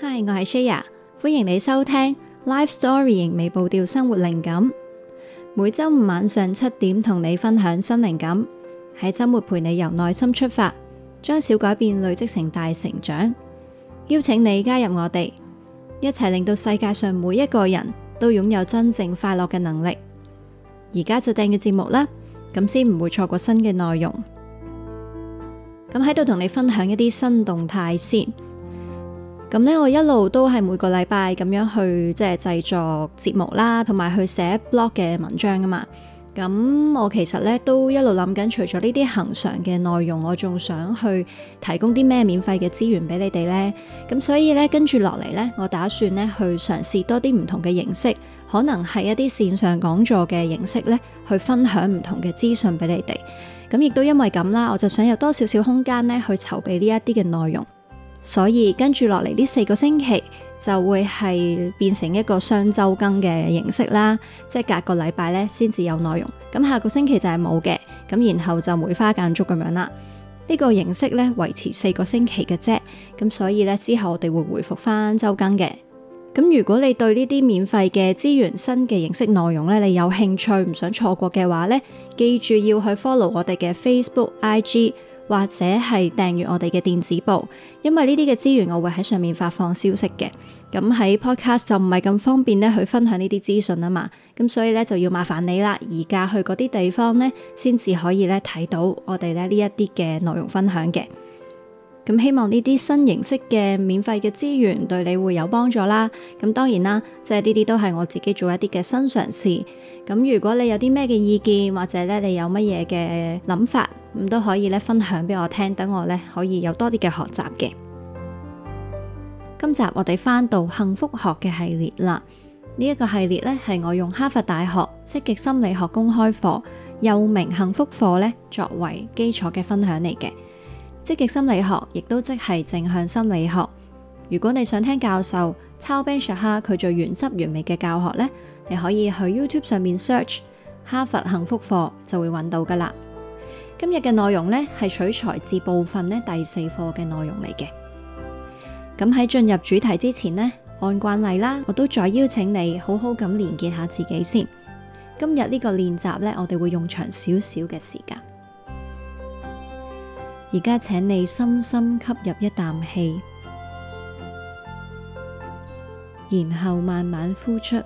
Hi，我係 Shaya，歡迎你收聽 Life Storying，仍未步調生活靈感，每周五晚上七點同你分享新靈感，喺周末陪你由內心出發，將小改變累積成大成長，邀請你加入我哋，一齊令到世界上每一個人都擁有真正快樂嘅能力。而家就訂閱節目啦，咁先唔會錯過新嘅內容。咁喺度同你分享一啲新動態先。咁呢，我一路都係每個禮拜咁樣去即係製作節目啦，同埋去寫 blog 嘅文章㗎嘛。咁我其實呢，都一路諗緊，除咗呢啲恒常嘅內容，我仲想去提供啲咩免費嘅資源俾你哋呢？咁所以呢，跟住落嚟呢，我打算呢去嘗試多啲唔同嘅形式，可能係一啲線上講座嘅形式呢，去分享唔同嘅資訊俾你哋。咁亦都因為咁啦，我就想有多少少空間呢，去籌備呢一啲嘅內容。所以跟住落嚟呢四個星期就會係變成一個雙周更嘅形式啦，即係隔個禮拜咧先至有內容。咁下個星期就係冇嘅，咁然後就梅花間竹咁樣啦。呢個形式咧，維持四個星期嘅啫。咁所以咧，之後我哋會回復翻周更嘅。咁如果你對呢啲免費嘅資源、新嘅形式內容咧，你有興趣唔想錯過嘅話咧，記住要去 follow 我哋嘅 Facebook、IG。或者係訂閱我哋嘅電子報，因為呢啲嘅資源我會喺上面發放消息嘅。咁喺 podcast 就唔係咁方便咧去分享呢啲資訊啊嘛。咁所以咧就要麻煩你啦，而家去嗰啲地方咧，先至可以咧睇到我哋咧呢一啲嘅內容分享嘅。咁希望呢啲新形式嘅免費嘅資源對你會有幫助啦。咁當然啦，即係呢啲都係我自己做一啲嘅新嘗試。咁如果你有啲咩嘅意見，或者咧你有乜嘢嘅諗法？咁都可以咧，分享俾我聽，等我咧可以有多啲嘅學習嘅。今集我哋翻到幸福學嘅系列啦。呢、這、一個系列咧係我用哈佛大學積極心理學公開課、又名幸福課咧作為基礎嘅分享嚟嘅。積極心理學亦都即係正向心理學。如果你想聽教授 Tal Ben-Shahar 佢最原汁原味嘅教學咧，你可以去 YouTube 上面 search 哈佛幸福課，就會揾到噶啦。今日嘅內容呢，係取材自部分呢第四課嘅內容嚟嘅。咁喺進入主題之前呢，按慣例啦，我都再邀請你好好咁連結下自己先。今日呢個練習呢，我哋會用長少少嘅時間。而家請你深深吸入一啖氣，然後慢慢呼出。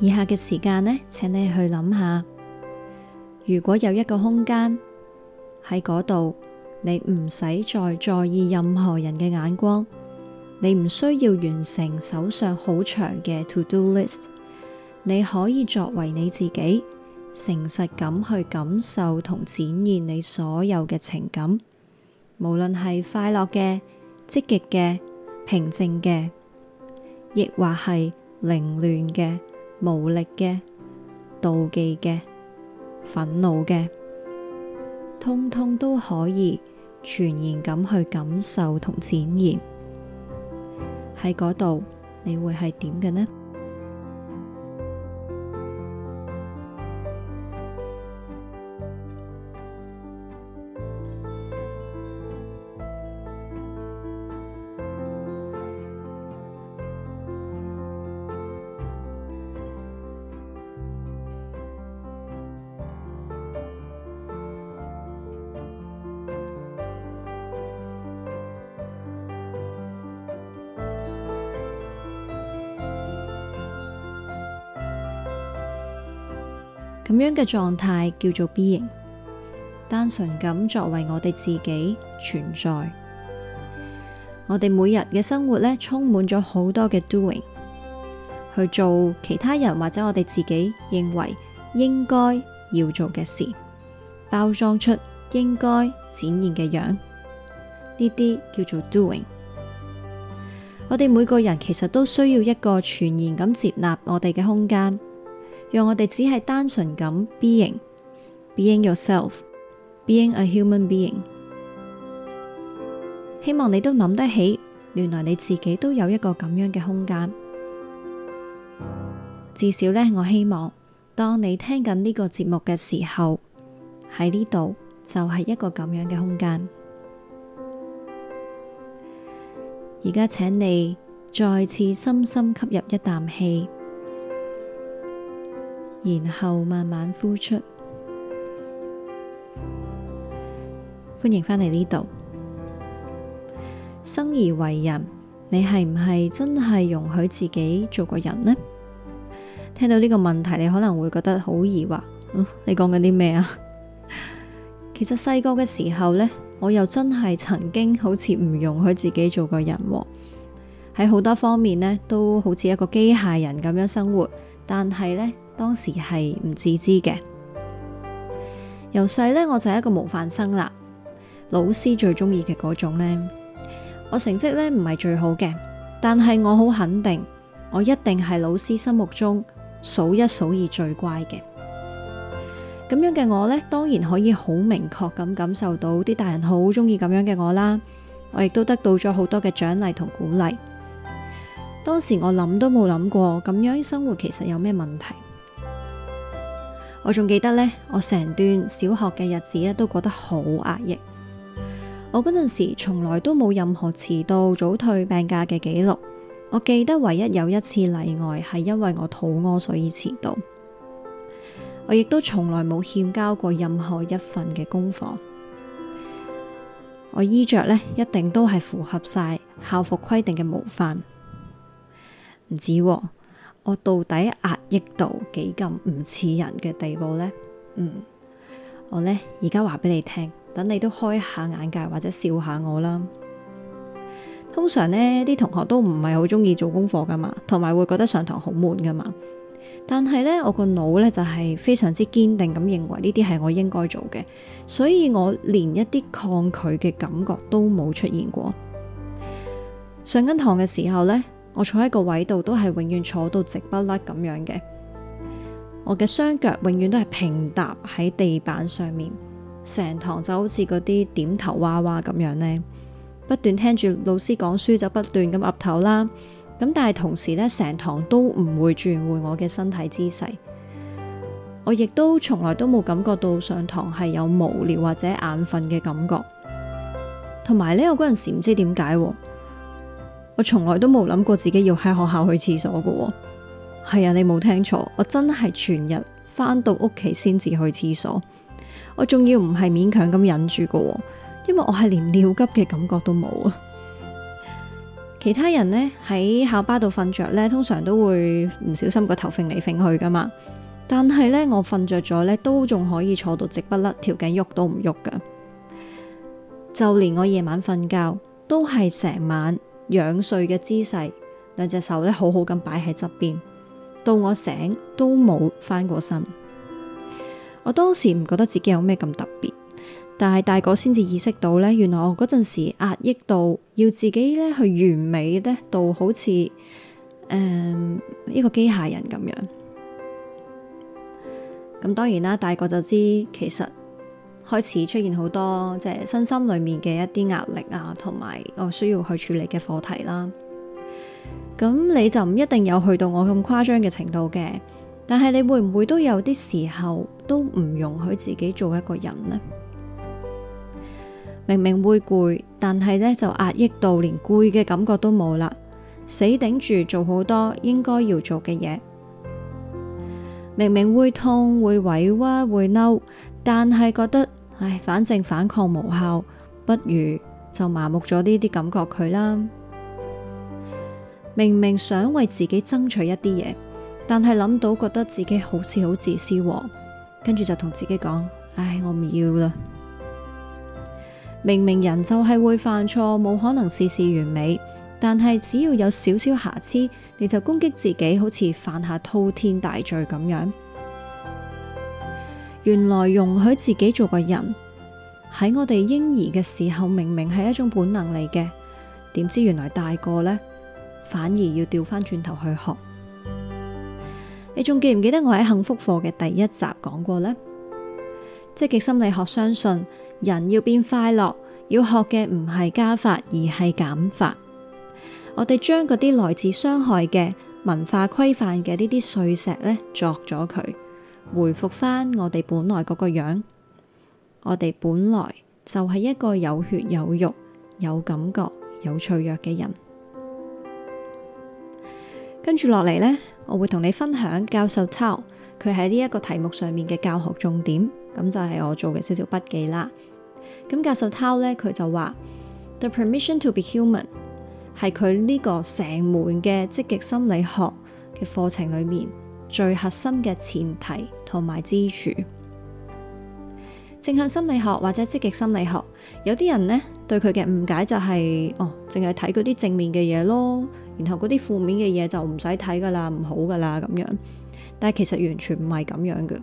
以下嘅時間呢，請你去諗下，如果有一個空間喺嗰度，你唔使再在意任何人嘅眼光，你唔需要完成手上好長嘅 to do list，你可以作為你自己，誠實咁去感受同展現你所有嘅情感，無論係快樂嘅、積極嘅、平靜嘅，亦或係凌亂嘅。無力嘅、妒忌嘅、憤怒嘅，通通都可以全然咁去感受同展現。喺嗰度，你會係點嘅呢？咁樣嘅狀態叫做 being，單純咁作為我哋自己存在。我哋每日嘅生活呢，充滿咗好多嘅 doing，去做其他人或者我哋自己認為應該要做嘅事，包裝出應該展現嘅樣，呢啲叫做 doing。我哋每個人其實都需要一個全然咁接納我哋嘅空間。讓我哋只係單純咁 being，being yourself，being a human being。希望你都諗得起，原來你自己都有一個咁樣嘅空間。至少呢，我希望當你聽緊呢個節目嘅時候，喺呢度就係一個咁樣嘅空間。而家請你再次深深吸入一啖氣。然後慢慢呼出，歡迎返嚟呢度。生而為人，你係唔係真係容許自己做個人呢？聽到呢個問題，你可能會覺得好疑惑。嗯，你講緊啲咩啊？其實細個嘅時候呢，我又真係曾經好似唔容許自己做個人喎。喺好多方面呢，都好似一個機械人咁樣生活，但係呢。當時係唔自知嘅。由細呢，我就係一個模範生啦。老師最中意嘅嗰種呢，我成績呢唔係最好嘅，但係我好肯定，我一定係老師心目中數一數二最乖嘅。咁樣嘅我呢，當然可以好明確咁感受到啲大人好中意咁樣嘅我啦。我亦都得到咗好多嘅獎勵同鼓勵。當時我諗都冇諗過，咁樣生活其實有咩問題。我仲記得咧，我成段小學嘅日子咧都過得好壓抑。我嗰陣時從來都冇任何遲到、早退、病假嘅記錄。我記得唯一有一次例外係因為我肚屙所以遲到。我亦都從來冇欠交過任何一份嘅功課。我衣着咧一定都係符合晒校服規定嘅模範，唔止啊。我到底壓抑到幾咁唔似人嘅地步呢？嗯，我呢而家話俾你聽，等你都開下眼界或者笑下我啦。通常呢啲同學都唔係好中意做功課噶嘛，同埋會覺得上堂好悶噶嘛。但係呢，我個腦呢就係非常之堅定咁認為呢啲係我應該做嘅，所以我連一啲抗拒嘅感覺都冇出現過。上緊堂嘅時候呢。我坐喺個位度都係永遠坐到直不甩咁樣嘅，我嘅雙腳永遠都係平踏喺地板上面，成堂就好似嗰啲點頭娃娃咁樣呢。不斷聽住老師講書就不斷咁岌頭啦。咁但係同時呢，成堂都唔會轉換我嘅身體姿勢。我亦都從來都冇感覺到上堂係有無聊或者眼瞓嘅感覺，同埋呢，我嗰陣時唔知點解。我從來都冇諗過自己要喺學校去廁所㗎喎。係啊，你冇聽錯，我真係全日返到屋企先至去廁所。我仲要唔係勉強咁忍住㗎喎，因為我係連尿急嘅感覺都冇啊。其他人呢，喺校巴度瞓着呢，通常都會唔小心個頭揈嚟揈去噶嘛。但係呢，我瞓着咗呢，都仲可以坐到直條頸不甩，條頸喐都唔喐噶。就連我夜晚瞓覺都係成晚。仰睡嘅姿勢，兩隻手咧好好咁擺喺側邊，到我醒都冇翻過身。我當時唔覺得自己有咩咁特別，但係大個先至意識到咧，原來我嗰陣時壓抑到要自己咧去完美咧，到好似誒一個機械人咁樣。咁當然啦，大個就知其實。開始出現好多即係身心裏面嘅一啲壓力啊，同埋我需要去處理嘅課題啦。咁你就唔一定有去到我咁誇張嘅程度嘅，但係你會唔會都有啲時候都唔容許自己做一個人呢？明明會攰，但係咧就壓抑到連攰嘅感覺都冇啦，死頂住做好多應該要做嘅嘢。明明會痛、會委屈、會嬲，但係覺得。唉，反正反抗無效，不如就麻木咗呢啲感覺佢啦。明明想為自己爭取一啲嘢，但係諗到覺得自己好似好自私，跟住就同自己講：唉，我唔要啦。明明人就係會犯錯，冇可能事事完美，但係只要有少少瑕疵，你就攻擊自己，好似犯下滔天大罪咁樣。原來容許自己做個人，喺我哋嬰兒嘅時候，明明係一種本能嚟嘅，點知原來大個呢，反而要調翻轉頭去學。你仲記唔記得我喺幸福課嘅第一集講過呢？積極心理學相信人要變快樂，要學嘅唔係加法，而係減法。我哋將嗰啲來自傷害嘅文化規範嘅呢啲碎石呢，鑿咗佢，回復翻我哋本來嗰個樣，我哋本來就係一個有血有肉、有感覺、有脆弱嘅人。跟住落嚟呢，我會同你分享教授 Tal 佢喺呢一個題目上面嘅教學重點，咁就係我做嘅少少筆記啦。咁教授 Tal 呢，佢就話 The permission to be human 係佢呢個成門嘅積極心理學嘅課程裏面，最核心嘅前提同埋支柱，正向心理學或者積極心理學，有啲人呢，對佢嘅誤解就係，哦，淨係睇嗰啲正面嘅嘢咯，然後嗰啲負面嘅嘢就唔使睇噶啦，唔好噶啦咁樣。但係其實完全唔係咁樣嘅。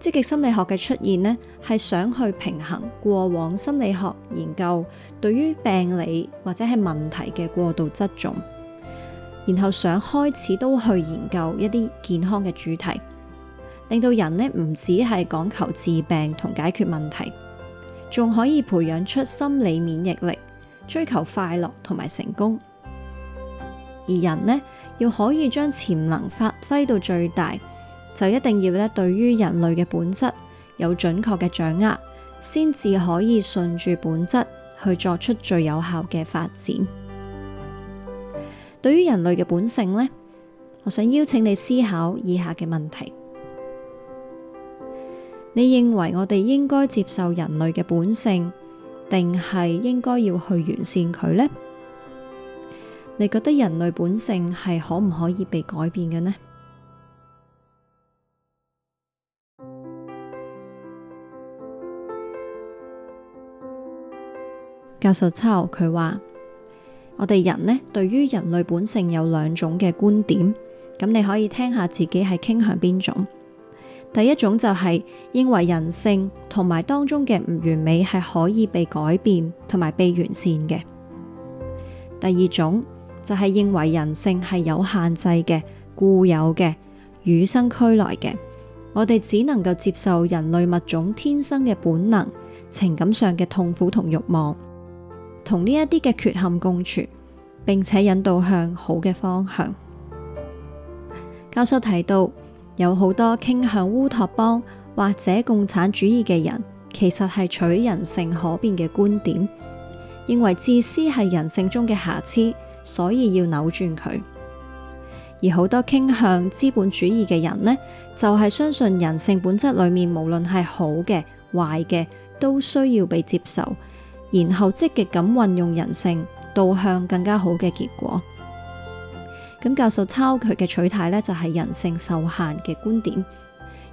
積極心理學嘅出現呢，係想去平衡過往心理學研究對於病理或者係問題嘅過度側重。然後想開始都去研究一啲健康嘅主題，令到人呢唔止係講求治病同解決問題，仲可以培養出心理免疫力，追求快樂同埋成功。而人呢，要可以將潛能發揮到最大，就一定要咧對於人類嘅本質有準確嘅掌握，先至可以順住本質去作出最有效嘅發展。對於人類嘅本性呢，我想邀請你思考以下嘅問題：你認為我哋應該接受人類嘅本性，定係應該要去完善佢呢？你覺得人類本性係可唔可以被改變嘅呢？教授抽佢話。我哋人呢，對於人類本性有兩種嘅觀點，咁你可以聽下自己係傾向邊種。第一種就係認為人性同埋當中嘅唔完美係可以被改變同埋被完善嘅。第二種就係認為人性係有限制嘅、固有嘅、與生俱來嘅。我哋只能夠接受人類物種天生嘅本能、情感上嘅痛苦同欲望。同呢一啲嘅缺陷共存，並且引導向好嘅方向。教授提到，有好多傾向烏托邦或者共產主義嘅人，其實係取人性可變嘅觀點，認為自私係人性中嘅瑕疵，所以要扭轉佢。而好多傾向資本主義嘅人呢，就係相信人性本質裏面，無論係好嘅、壞嘅，都需要被接受。然後積極咁運用人性，導向更加好嘅結果。咁教授抄佢嘅取態呢，就係人性受限嘅觀點。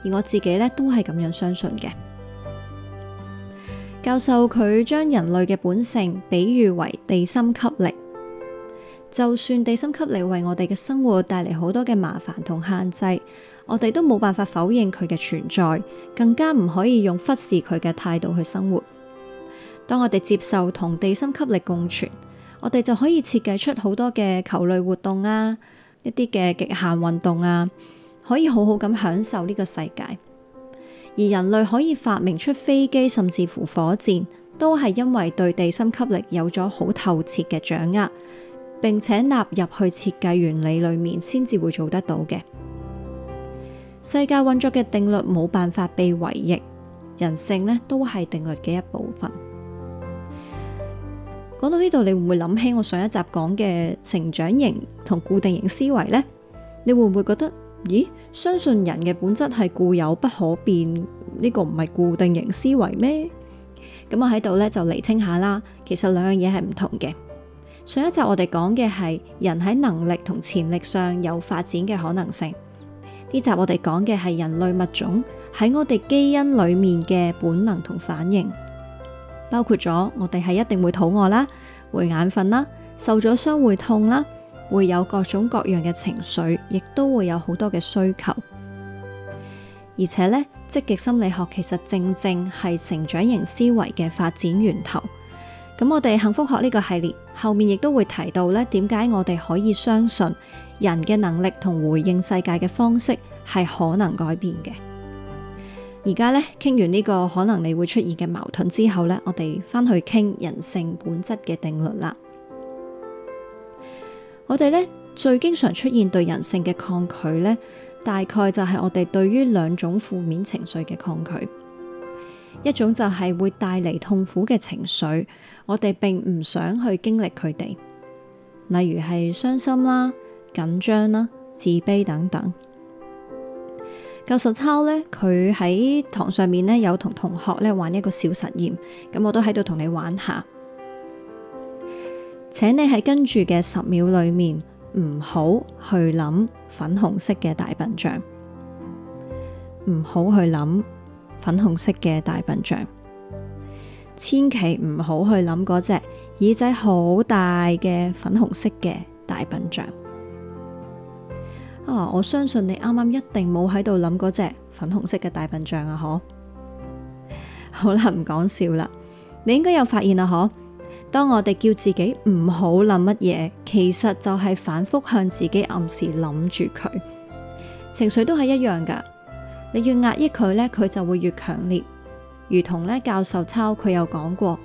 而我自己呢，都係咁樣相信嘅。教授佢將人類嘅本性比喻為地心吸力，就算地心吸力為我哋嘅生活帶嚟好多嘅麻煩同限制，我哋都冇辦法否認佢嘅存在，更加唔可以用忽視佢嘅態度去生活。當我哋接受同地心吸力共存，我哋就可以設計出好多嘅球類活動啊，一啲嘅極限運動啊，可以好好咁享受呢個世界。而人類可以發明出飛機，甚至乎火箭，都係因為對地心吸力有咗好透徹嘅掌握，並且納入去設計原理裏面，先至會做得到嘅。世界運作嘅定律冇辦法被違逆，人性呢都係定律嘅一部分。講到呢度，你會唔會諗起我上一集講嘅成長型同固定型思維呢？你會唔會覺得，咦？相信人嘅本質係固有不可變，呢個唔係固定型思維咩？咁我喺度呢就釐清下啦。其實兩樣嘢係唔同嘅。上一集我哋講嘅係人喺能力同潛力上有發展嘅可能性，呢集我哋講嘅係人類物種喺我哋基因裏面嘅本能同反應。包括咗，我哋係一定會肚餓啦，會眼瞓啦，受咗傷會痛啦，會有各種各樣嘅情緒，亦都會有好多嘅需求。而且呢，積極心理學其實正正係成長型思維嘅發展源頭。咁我哋幸福學呢個系列後面亦都會提到呢，點解我哋可以相信人嘅能力同回應世界嘅方式係可能改變嘅。而家呢，傾完呢個可能你會出現嘅矛盾之後呢，我哋返去傾人性本質嘅定律啦。我哋呢，最經常出現對人性嘅抗拒呢，大概就係我哋對於兩種負面情緒嘅抗拒，一種就係會帶嚟痛苦嘅情緒，我哋並唔想去經歷佢哋，例如係傷心啦、緊張啦、自卑等等。教授抄咧，佢喺堂上面咧有同同學咧玩一個小實驗，咁我都喺度同你玩下，請你喺跟住嘅十秒裏面唔好去諗粉紅色嘅大笨象，唔好去諗粉紅色嘅大笨象，千祈唔好去諗嗰隻耳仔好大嘅粉紅色嘅大笨象。啊！我相信你啱啱一定冇喺度諗嗰隻粉紅色嘅大笨象啊！嗬，好啦，唔講笑啦，你應該有發現啦，嗬。當我哋叫自己唔好諗乜嘢，其實就係反覆向自己暗示諗住佢，情緒都係一樣噶。你越壓抑佢呢，佢就會越強烈。如同呢，教授抄佢有講過，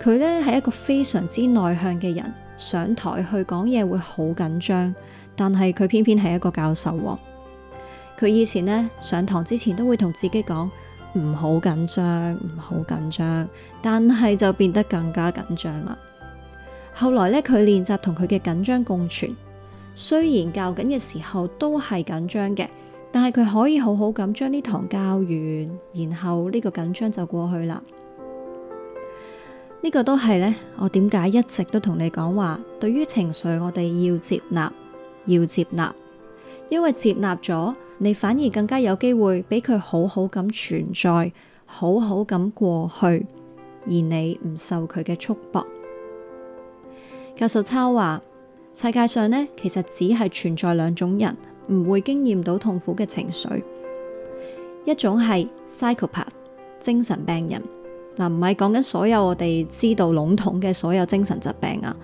佢呢係一個非常之內向嘅人，上台去講嘢會好緊張。但係佢偏偏係一個教授，佢以前呢，上堂之前都會同自己講唔好緊張，唔好緊張。但係就變得更加緊張啦。後來呢，佢練習同佢嘅緊張共存，雖然教緊嘅時候都係緊張嘅，但係佢可以好好咁將呢堂教完，然後呢個緊張就過去啦。呢個都係呢，我點解一直都同你講話，對於情緒我哋要接納。要接納，因為接納咗，你反而更加有機會俾佢好好咁存在，好好咁過去，而你唔受佢嘅束縛。教授抄話，世界上呢其實只係存在兩種人，唔會經驗到痛苦嘅情緒，一種係 psychopath 精神病人，嗱，唔係講緊所有我哋知道籠統嘅所有精神疾病啊。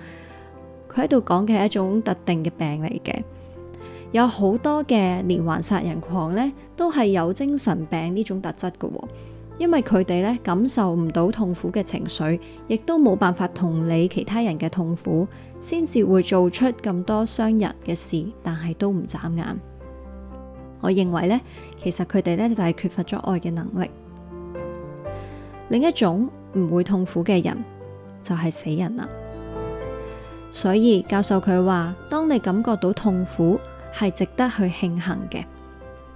佢喺度講嘅係一種特定嘅病嚟嘅，有好多嘅連環殺人狂呢，都係有精神病呢種特質嘅喎，因為佢哋呢，感受唔到痛苦嘅情緒，亦都冇辦法同理其他人嘅痛苦，先至會做出咁多傷人嘅事，但係都唔眨眼。我認為呢，其實佢哋呢，就係缺乏咗愛嘅能力。另一種唔會痛苦嘅人，就係死人啦。所以教授佢話，當你感覺到痛苦，係值得去慶幸嘅，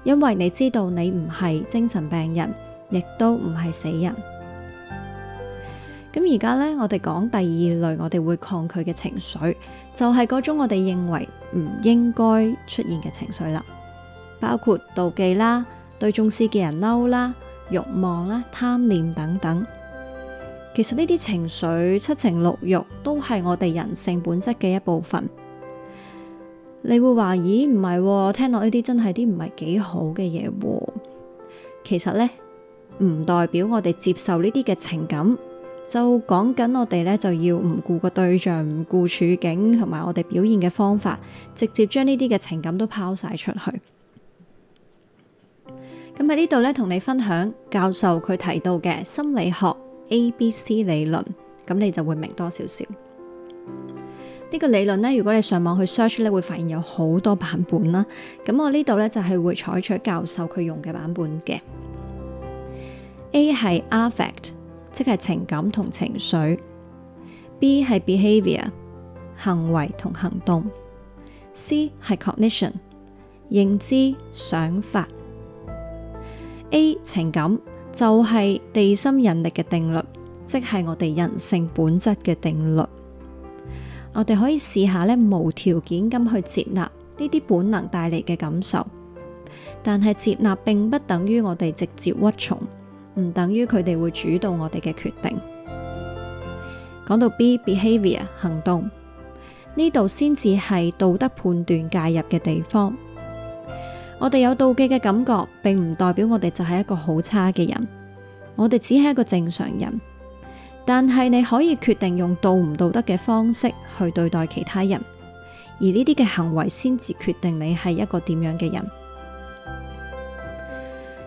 因為你知道你唔係精神病人，亦都唔係死人。咁而家呢，我哋講第二類，我哋會抗拒嘅情緒，就係、是、嗰種我哋認為唔應該出現嘅情緒啦，包括妒忌啦、對重視嘅人嬲啦、欲望啦、貪念等等。其實呢啲情緒、七情六欲都係我哋人性本質嘅一部分。你會話，咦，唔係、喎、聽落呢啲真係啲唔係幾好嘅嘢。其實呢，唔代表我哋接受呢啲嘅情感，就講緊我哋呢就要唔顧個對象，唔顧處境，同埋我哋表現嘅方法，直接將呢啲嘅情感都拋晒出去。咁喺呢度呢，同你分享教授佢提到嘅心理學 A、B、C 理論，咁你就會明多少少。呢、這個理論呢，如果你上網去 search 呢，會發現有好多版本啦。咁我呢度呢，就係、是、會採取教授佢用嘅版本嘅。A 係 affect，即係情感同情緒；B 係 behavior，行為同行動；C 係 cognition，認知想法；A 情感。就係地心引力嘅定律，即係我哋人性本質嘅定律。我哋可以試下咧，無條件咁去接納呢啲本能帶嚟嘅感受，但係接納並不等於我哋直接屈從，唔等於佢哋會主導我哋嘅決定。講到 B behavior 行動，呢度先至係道德判斷介入嘅地方。我哋有妒忌嘅感覺，並唔代表我哋就係一個好差嘅人，我哋只係一個正常人。但係你可以決定用道唔道德嘅方式去對待其他人，而呢啲嘅行為先至決定你係一個點樣嘅人。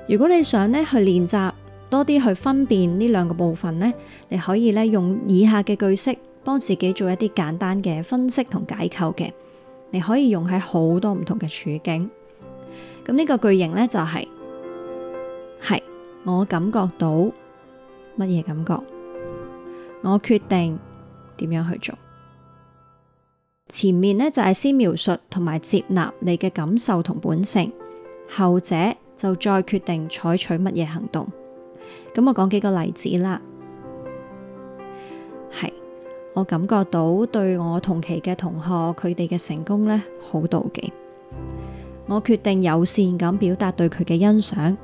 如果你想咧去練習多啲去分辨呢兩個部分咧，你可以咧用以下嘅句式幫自己做一啲簡單嘅分析同解構嘅，你可以用喺好多唔同嘅處境。咁呢個句型呢，就是，就係，係我感覺到乜嘢感覺，我決定點樣去做。前面呢，就係先描述同埋接納你嘅感受同本性，後者就再決定採取乜嘢行動。咁我講幾個例子啦，係我感覺到對我同期嘅同學佢哋嘅成功呢，好妒忌。我決定友善咁表達對佢嘅欣賞，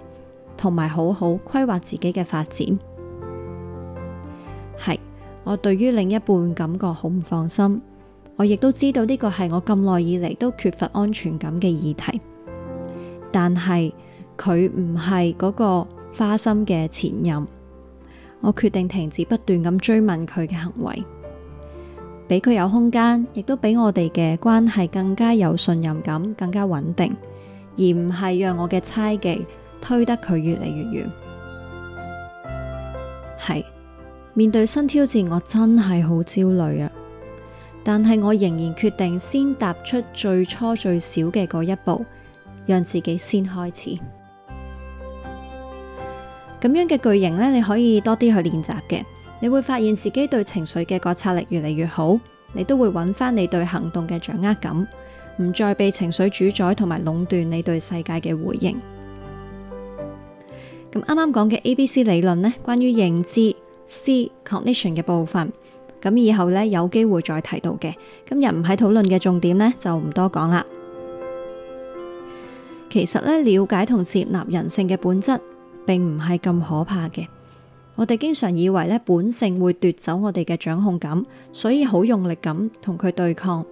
同埋好好規劃自己嘅發展。係，我對於另一半感覺好唔放心，我亦都知道呢個係我咁耐以嚟都缺乏安全感嘅議題。但係佢唔係嗰個花心嘅前任，我決定停止不斷咁追問佢嘅行為。俾佢有空間，亦都俾我哋嘅關係更加有信任感，更加穩定，而唔係讓我嘅猜忌推得佢越嚟越遠。係面對新挑戰，我真係好焦慮啊！但係我仍然決定先踏出最初最少嘅嗰一步，讓自己先開始。咁樣嘅句型呢，你可以多啲去練習嘅。你會發現自己對情緒嘅覺察力越嚟越好，你都會揾翻你對行動嘅掌握感，唔再被情緒主宰同埋壟斷你對世界嘅回應。咁啱啱講嘅 ABC 理論呢，關於認知 （C Cognition） 嘅部分，咁以後呢，有機會再提到嘅。今日唔喺討論嘅重點呢，就唔多講啦。其實呢，了解同接納人性嘅本質，並唔係咁可怕嘅。我哋經常以為咧，本性會奪走我哋嘅掌控感，所以好用力咁同佢對抗。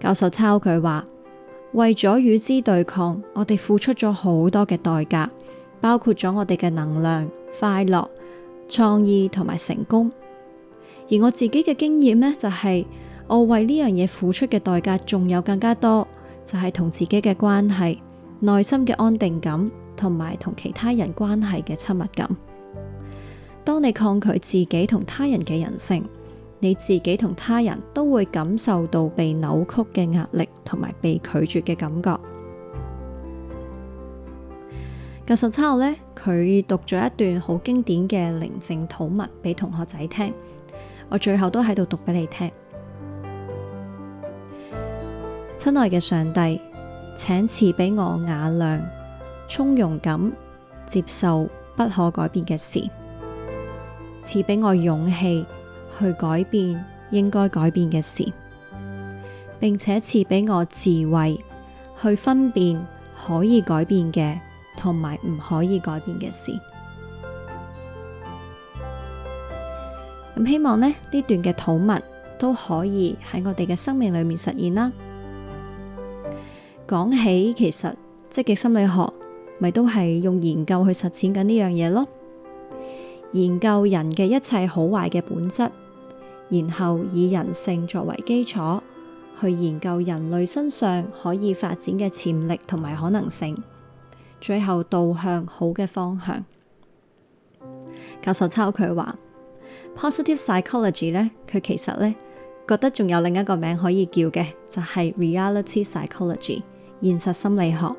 教授抄佢話，為咗與之對抗，我哋付出咗好多嘅代價，包括咗我哋嘅能量、快樂、創意同埋成功。而我自己嘅經驗呢、就是，就係我為呢樣嘢付出嘅代價仲有更加多，就係、是、同自己嘅關係、內心嘅安定感，同埋同其他人關係嘅親密感。當你抗拒自己同他人嘅人性，你自己同他人都會感受到被扭曲嘅壓力，同埋被拒絕嘅感覺。教授之後呢，佢讀咗一段好經典嘅《寧靜禱文》俾同學仔聽。我最後都喺度讀俾你聽，親愛嘅上帝，請賜俾我雅量，從容咁接受不可改變嘅事。賜俾我勇氣去改變應該改變嘅事，並且賜俾我智慧去分辨可以改變嘅同埋唔可以改變嘅事。咁 希望咧呢段嘅禱文都可以喺我哋嘅生命裏面實現啦。講起其實積極心理學咪都係用研究去實踐緊呢樣嘢咯。研究人嘅一切好壞嘅本質，然後以人性作為基礎去研究人類身上可以發展嘅潛力同埋可能性，最後導向好嘅方向。教授抄佢話，Positive psychology 呢，佢其實呢覺得仲有另一個名可以叫嘅，就係 reality psychology，現實心理學，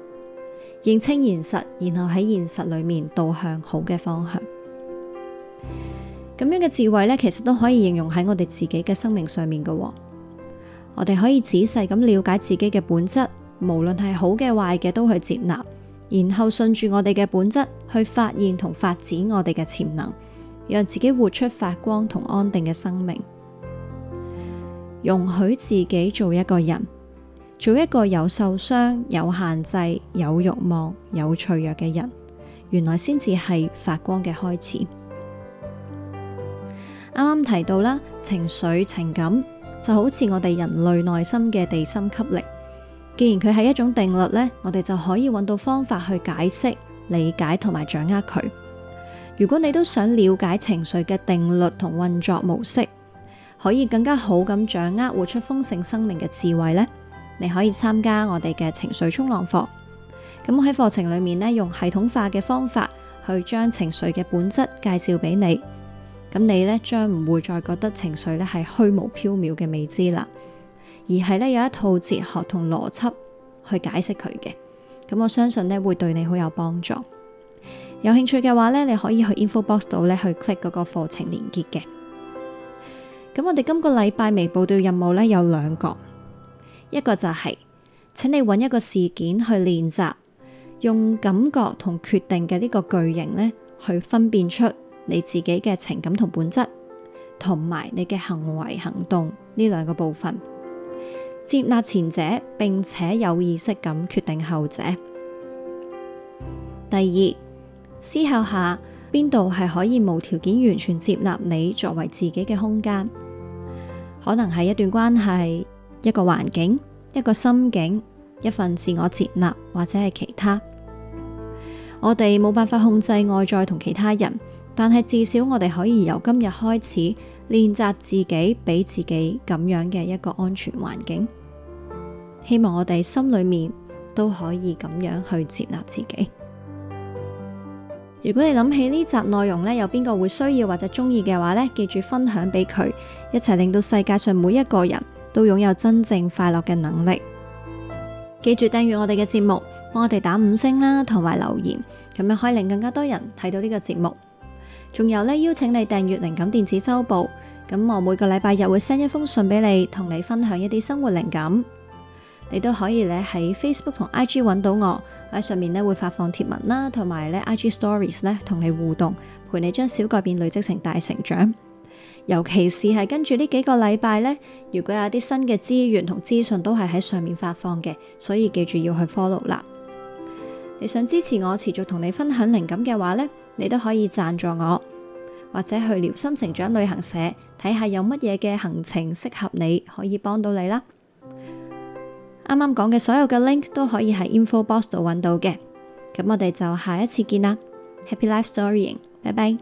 認清現實，然後喺現實裏面導向好嘅方向。咁樣嘅智慧咧，其實都可以應用喺我哋自己嘅生命上面㗎喎。我哋可以仔細咁了解自己嘅本質，無論係好嘅壞嘅都去接納，然後順住我哋嘅本質去發現同發展我哋嘅潛能，讓自己活出發光同安定嘅生命。容許自己做一個人，做一個有受傷、有限制、有慾望、有脆弱嘅人，原來先至係發光嘅開始。啱啱提到啦，情緒情感就好似我哋人類內心嘅地心吸力。既然佢係一種定律呢，我哋就可以揾到方法去解釋、理解同埋掌握佢。如果你都想了解情緒嘅定律同運作模式，可以更加好咁掌握活出豐盛生命嘅智慧呢。你可以參加我哋嘅情緒衝浪課。咁我喺課程裏面呢，用系統化嘅方法去將情緒嘅本質介紹俾你。咁你呢，將唔會再覺得情緒呢係虛無縹緲嘅未知啦，而係呢有一套哲學同邏輯去解釋佢嘅。咁我相信呢會對你好有幫助。有興趣嘅話呢，你可以去 info box 度呢去 click 嗰個課程連結嘅。咁我哋今個禮拜微報到任務呢，有兩個，一個就係、是、請你揾一個事件去練習，用感覺同決定嘅呢個句型呢去分辨出。你自己嘅情感同本質，同埋你嘅行為行動呢兩個部分，接納前者，並且有意識咁決定後者。第二，思考下邊度係可以無條件完全接納你作為自己嘅空間，可能係一段關係、一個環境、一個心境、一份自我接納，或者係其他。我哋冇辦法控制外在同其他人。但係至少我哋可以由今日開始練習自己，俾自己咁樣嘅一個安全環境。希望我哋心裏面都可以咁樣去接納自己。如果你諗起呢集內容呢，有邊個會需要或者鍾意嘅話呢，記住分享俾佢，一齊令到世界上每一個人都擁有真正快樂嘅能力。記住訂閱我哋嘅節目，幫我哋打五星啦，同埋留言，咁樣可以令更加多人睇到呢個節目。仲有咧，邀請你訂閱靈感電子週報，咁我每個禮拜日會 send 一封信俾你，同你分享一啲生活靈感。你都可以咧喺 Facebook 同 IG 搵到我，喺上面咧會發放貼文啦，同埋咧 IG Stories 咧同你互動，陪你將小改變累積成大成長。尤其是係跟住呢幾個禮拜咧，如果有啲新嘅資源同資訊都係喺上面發放嘅，所以記住要去 follow 啦。你想支持我持續同你分享靈感嘅話呢，你都可以贊助我，或者去療心成長旅行社睇下有乜嘢嘅行程適合你，可以幫到你啦。啱啱講嘅所有嘅 link 都可以喺 info box 度揾到嘅，咁我哋就下一次見啦。Happy life storying，拜拜。